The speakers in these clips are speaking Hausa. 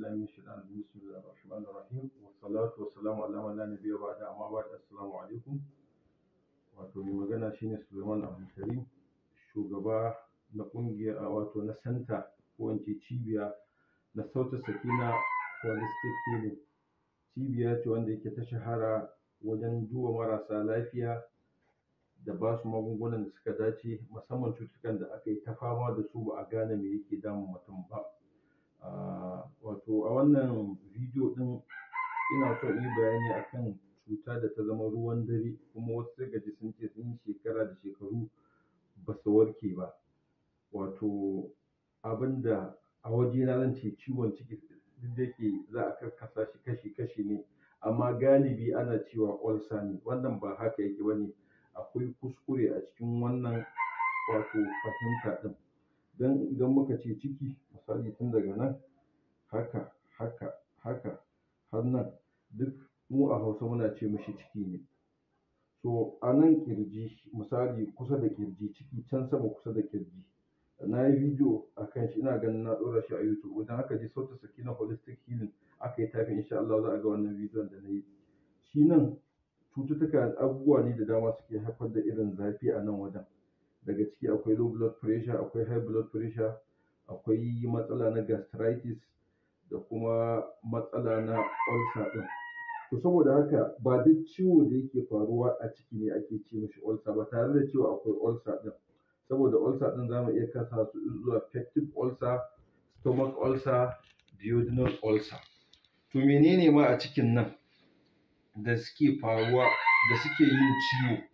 بالله من الشيطان الرجيم بسم الله الرحمن الرحيم والصلاة والسلام على من لا نبي بعد أما بعد السلام عليكم wato mai magana shine Suleiman Abdulkarim shugaba na kungiyar wato na santa ko in ce cibiya na Sauta Sakina Holistic Healing cibiya ce wanda yake ta shahara wajen duba marasa lafiya da ba su magungunan da suka dace musamman cutukan da aka yi ta fama da su ba a gane me yake damun mutum ba wato a wannan bidiyo ɗin ina so in yi bayani akan cuta da ta zama ruwan dare kuma wasu daga cikin ta sun yi shekara da shekaru ba su warke ba wato abin da a wajena zan ce ciwon ciki duk da yake za a karkasa shi kashi-kashi ne amma galibi ana cewa ulcer ne wannan ba haka yake ba ne akwai kuskure a cikin wannan wato fahimta ɗin. don idan muka ce ciki misali tun daga nan haka haka haka har nan duk mu a hausa muna ce mishi ciki ne to a nan ƙirji misali kusa da ƙirji ciki can sama kusa da ƙirji na yi bidiyo a kan shi ina ganin na ɗora shi a youtube wajen aka je saki na holistic healing aka yi tafin insha Allah za a ga wannan bidiyon da na yi shi nan cututtuka abubuwa ne da dama suke haifar da irin zafi a nan wajen daga ciki akwai low blood pressure akwai high blood pressure akwai matsala na gastritis da kuma matsala na ulcer ɗin to saboda haka ba duk ciwo da yake faruwa a ciki ne ake ce mishi ulcer ba tare da cewa akwai ulcer ɗin saboda ulcer ɗin za mu iya kasa su zuwa peptic ulcer stomach ulcer duodenal ulcer to menene ma a cikin nan da suke faruwa da suke yin ciwo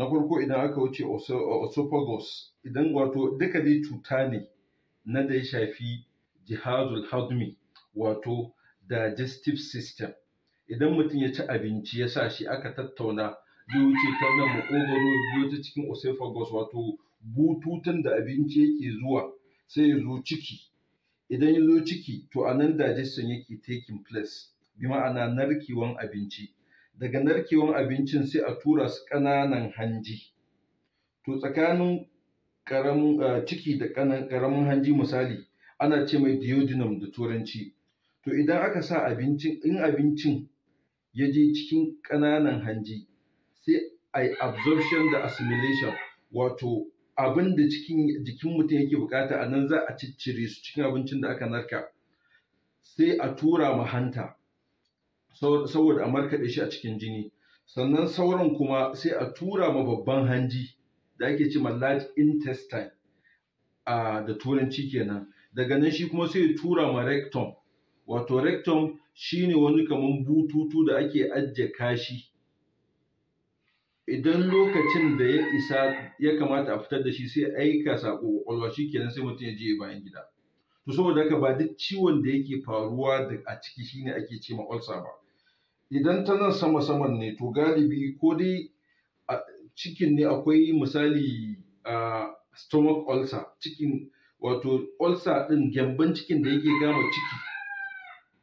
na farko idan aka wuce esophagus idan wato duka dai cuta ne na da ya shafi jihazul hadmi wato digestive system idan mutum ya ci abinci ya sa shi aka tattauna zai wuce ta na makogaro biyu ta cikin esophagus wato bututun da abinci yake zuwa sai ya zo ciki idan ya zo ciki to a nan digestion yake taking place bi ma'ana narkewan abinci daga narkewan abincin sai a tura su ƙananan hanji to tsakanin eh, ciki da ƙaramin hanji misali ana ce mai duodenum da turanci to idan aka sa abincin in abincin ya je cikin ƙananan hanji sai a yi absorption da assimilation wato abin da cikin jikin mutum yake bukata a nan za a ciccire su cikin abincin da aka narka sai a tura ma hanta saboda a markaɗe shi a cikin jini sannan sauran kuma sai a tura ma babban hanji da ake ce ma large intestine a da turanci kenan daga nan shi kuma sai ya tura ma rectum wato rectum shine wani kamar bututu da ake ajiye kashi idan lokacin da ya isa ya kamata a fitar da shi sai aika sako kwakwalwa shi kenan sai mutum ya je bayan gida to saboda haka ba duk ciwon da yake faruwa a ciki shine ake ce ma ulcer ba idan ta nan sama saman ne to galibi ko dai cikin ne akwai misali stomach ulcer cikin wato ulcer din gyamban cikin da yake gama ciki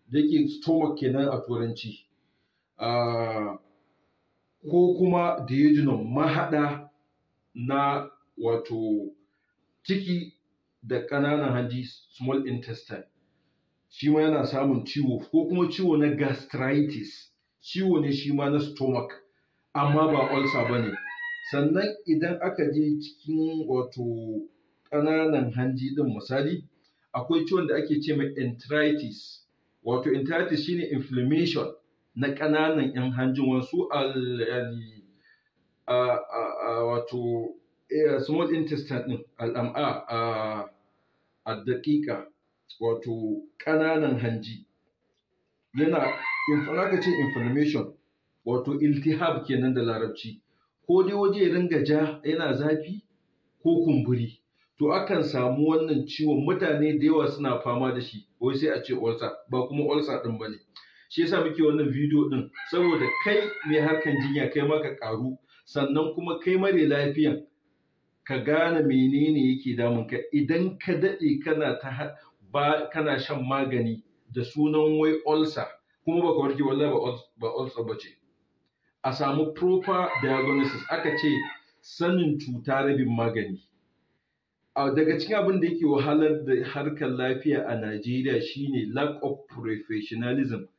da yake stomach kenan a turanci ko kuma duodenum mahaɗa na wato ciki da ƙananan hanji small intestine shi ma yana samun ciwo ko kuma ciwo na gastritis ciwo ne shi ma na stomach amma ba ulcer ba ne sannan idan aka je cikin wato ƙananan hanji ɗin misali akwai ciwon da ake ce mai enteritis wato enteritis shine inflammation na ƙananan 'yan hanjin wasu wato eh, small intestine din, al'am'a a daƙiƙa wato ƙananan hanji yana ka ce inflammation wato iltihab kenan da larabci ko dai waje ya ringa ja yana zafi ko kumburi to akan samu wannan ciwon mutane da yawa suna fama da shi wai sai a ce ulcer ba kuma ulcer din bane shi yasa muke wannan bidiyo din saboda kai mai harkan jinya kai ma ka karu sannan kuma kai mare lafiyan ka gane menene yake damun ka idan ka dade kana ta ba kana shan magani da sunan wai ulcer kuma ba ka kiwon wallahi ba ulcer ba ce a samu proper diagnosis aka ce sanin cuta rabin magani daga cikin abin da yake wahalar da harkar lafiya a Najeriya shine lack of professionalism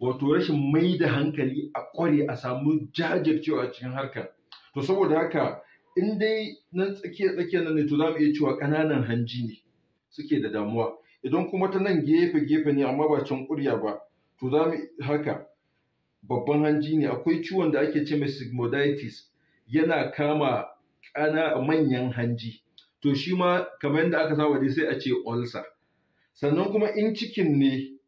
wato rashin mai da hankali a kware a samu jajircewa cikin harka. to saboda haka in dai nan tsakiyar tsakiyar nan ne to za mu iya cewa ƙananan hanji ne suke da damuwa idan kuma ta nan gefe gefe ne amma ba can ƙurya ba to za mu haka babban hanji ne akwai ciwon da ake ce mai sigmoditis, yana kama ƙana manyan hanji to shi ma kamar yadda aka saba dai sai a ce ulcer sannan kuma in cikin ne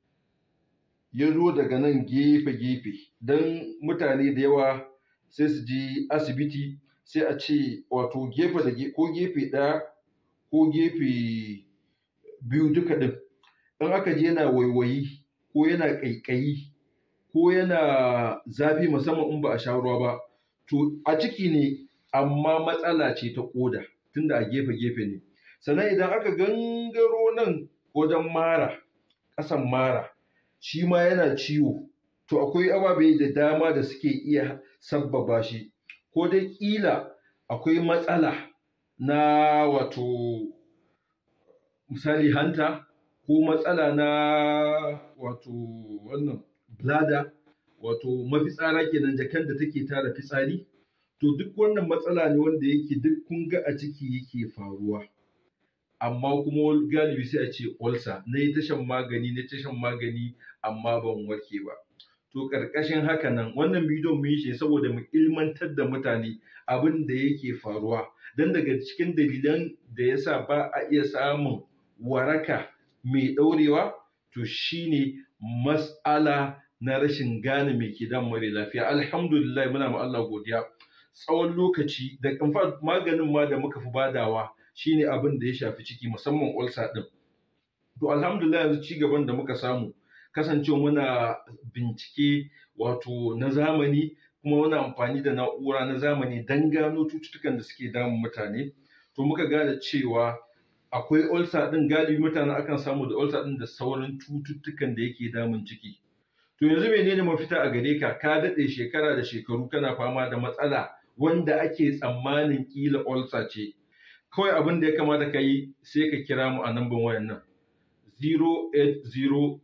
ya zo daga nan gefe-gefe don mutane da yawa sai su ji asibiti sai a ce wato gefe da ko gefe ɗaya ko gefe biyu duka ɗin in aka je yana waiwayi ko yana ƙaiƙayi ko yana zafi musamman in ba a sha ruwa ba to a ciki ne amma matsala ce ta ƙoda tunda a gefe-gefe ne sannan idan aka gangaro nan wajen mara ƙasan mara shi ma yana ciwo to akwai ababe da dama da suke iya sabbaba shi ko dai ƙila akwai matsala na wato misali hanta ko matsala na wato wannan blada wato mafitsara kenan jakan da take tara fitsari to duk wannan matsala ne wanda yake duk kun ga a ciki yake faruwa amma kuma galibi sai a ce olsa na yi tashan magani na tashan magani amma ban warke ba to ƙarƙashin haka nan wannan bidiyon mun yi shi saboda mu ilmantar da mutane abin da yake faruwa dan daga cikin dalilan da yasa ba a iya samun waraka mai ɗaurewa to shine mas'ala na rashin gane mai ke damu mare lafiya alhamdulillah muna ma Allah godiya tsawon lokaci da kamfa maganin ma da muka fi badawa shine abin da ya shafi ciki musamman ulcer din to alhamdulillah yanzu ci gaban da muka samu kasance muna bincike wato na zamani kuma muna amfani da na'ura na zamani don gano cututtukan da suke damun mutane to muka gane cewa akwai ulcer din galibi mutane akan samu da ulcer din da sauran cututtukan da yake damun ciki to yanzu menene mafita a gare ka ka daɗe shekara da shekaru kana fama da matsala wanda ake tsammanin kila ulcer ce kawai abin da ya kamata ka yi sai ka kira mu a namban wayan nan 345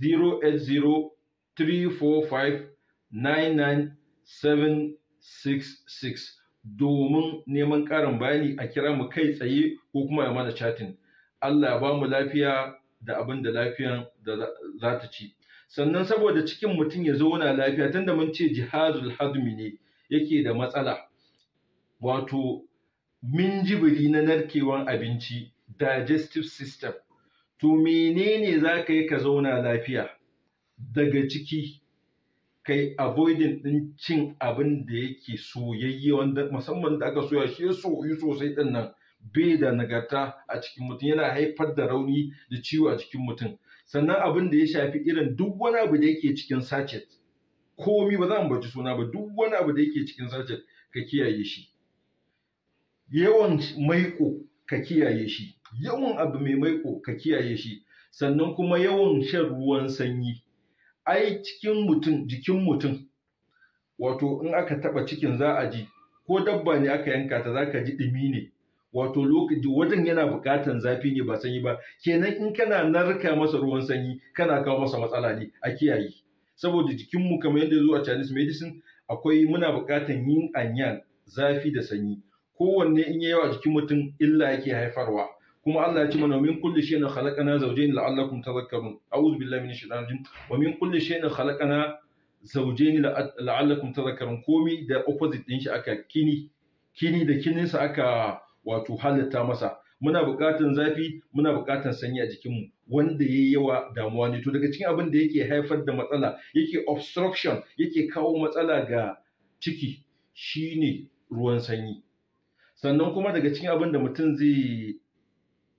08034599766 6666 domin neman ƙarin bayani a kira mu kai tsaye ko kuma ya mana chatin Allah ya ba mu lafiya da abin da lafiyan da za ta ci sannan saboda cikin mutum ya zauna lafiya tunda mun ce jihazul hadmi ne yake da matsala wato minjibiri na narkewan abinci digestive system to menene za ka yi ka zauna lafiya daga ciki kai avoiding din cin abin da yake soyayye wanda musamman da aka soya shi ya soyu sosai din nan bai da nagarta a cikin mutum yana haifar da rauni da ciwo a cikin mutum sannan abin da ya shafi irin duk wani abu da yake cikin sachet komi ba za mu baci suna ba duk wani abu da yake cikin sachet ka kiyaye shi yawan maiko ka kiyaye shi yawan abu mai maiko ka kiyaye shi sannan kuma yawan shan ruwan sanyi ai cikin mutum jikin mutum wato in aka taba cikin za a ji ko dabba ne aka yanka ta za ka ji dumi ne wato lokaci wajen yana buƙatan zafi ne ba sanyi ba kenan in kana narka masa ruwan sanyi kana kawo masa matsala ne a kiyaye saboda jikinmu kamar yadda zo Chinese medicine akwai muna buƙatan yin anyan zafi da sanyi kowanne in yayi yawa jikin mutum illa yake haifarwa kuma Allah ya ce mana min kulli shay'in khalaqana zawjayn la'allakum tadhakkarun a'udhu billahi minash shaitanir rajim wa min kulli shay'in khalaqana zawjayn la'allakum tadhakkarun komi da opposite din shi aka kini kini da kinin sa aka wato halatta masa muna buƙatar zafi muna buƙatar sanyi a jikinmu wanda ya yi yawa damuwa ne to daga cikin abin da yake haifar da matsala yake obstruction yake kawo matsala ga ciki shine ruwan sanyi sannan kuma daga cikin abin da mutum zai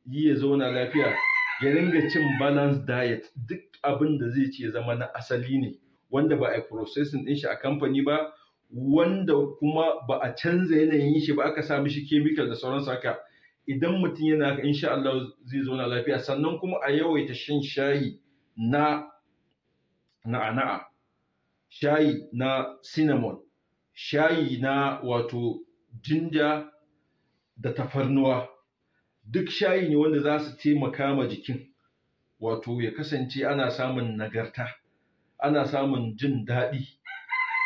yi ya zauna lafiya ya ringa cin balanced diet duk abin da zai ce zama na asali ne wanda ba a yi processing din shi a kamfani ba wanda kuma ba a canza yanayin shi ba aka sa mishi chemical da sauran haka idan mutum yana haka insha Allah zai zauna lafiya sannan kuma a yawaita shan shayi na na'ana'a shayi na cinnamon shayi na wato jinja da tafarnuwa duk shayi ne wanda za su taimaka ma jikin wato ya kasance ana samun nagarta ana samun jin daɗi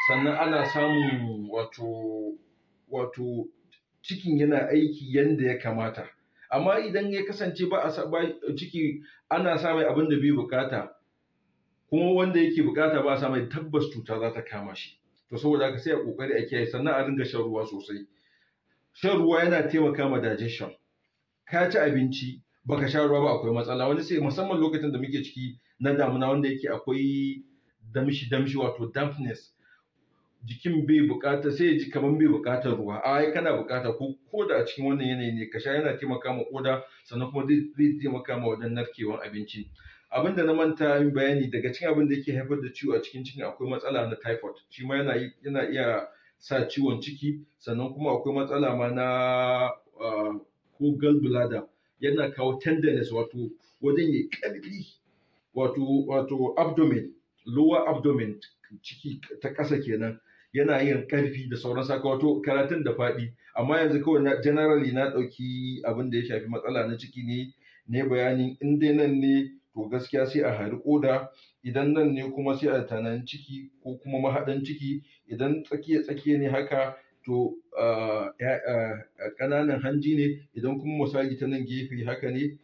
sannan ana samun wato wato cikin yana aiki yadda ya kamata amma idan ya kasance ba a ciki ana samun abin da bai bukata kuma wanda yake bukata ba a sa tabbas cuta za ta kama shi to saboda haka sai a kokari a kiyaye sannan a dinga shan ruwa sosai shan ruwa yana taimaka ma digestion ka ci abinci baka sha ruwa ba akwai matsala wani sai musamman lokacin da muke ciki na damuna wanda yake akwai damshi damshi wato dampness jikin bai bukata sai ji kaman bai bukatar ruwa a kana bukata ko ko a cikin wannan yanayi ne ka sha yana taimaka ma koda sannan kuma zai taimaka ma wajen narkewan abinci abin da na manta yin bayani daga cikin abin da yake haifar da ciwo a cikin ciki akwai matsala na typhoid shi ma yana yana iya sa ciwon ciki sannan kuma akwai matsala ma na ko gallbladder yana kawo tenderness wato wajen ya ƙarfi wato wato abdomen lower abdomen ciki ta ƙasa kenan yana yin ƙarfi da sauran saka wato karatun da faɗi amma yanzu kawai na generally na ɗauki abin da ya shafi matsala na ciki ne ne bayanin in dai nan ne to gaskiya sai a hari koda idan nan ne kuma sai a tanan ciki ko kuma mahaɗan ciki idan tsakiya tsakiya ne haka to ƙananan hanji ne idan kuma misali ta nan gefe haka ne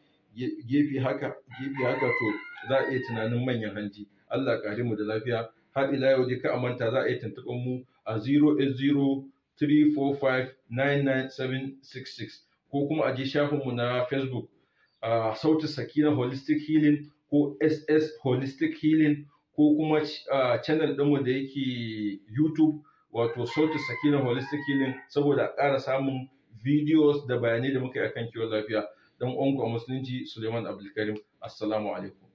gefe haka gefe haka to za a iya tunanin manyan hanji Allah kare mu da lafiya har ila yau dai ka manta za a iya tuntuɓar mu a 08034599766 ko kuma a je shafin mu na Facebook a Sauti Sakina Holistic Healing ko SS Holistic Healing ko kuma channel ɗinmu da yake YouTube wato sauti sakina holistic healing saboda ƙara samun videos da bayanai da muka yi akan kiwon lafiya don uwanku a musulunci Suleiman Abdulkarim assalamu alaikum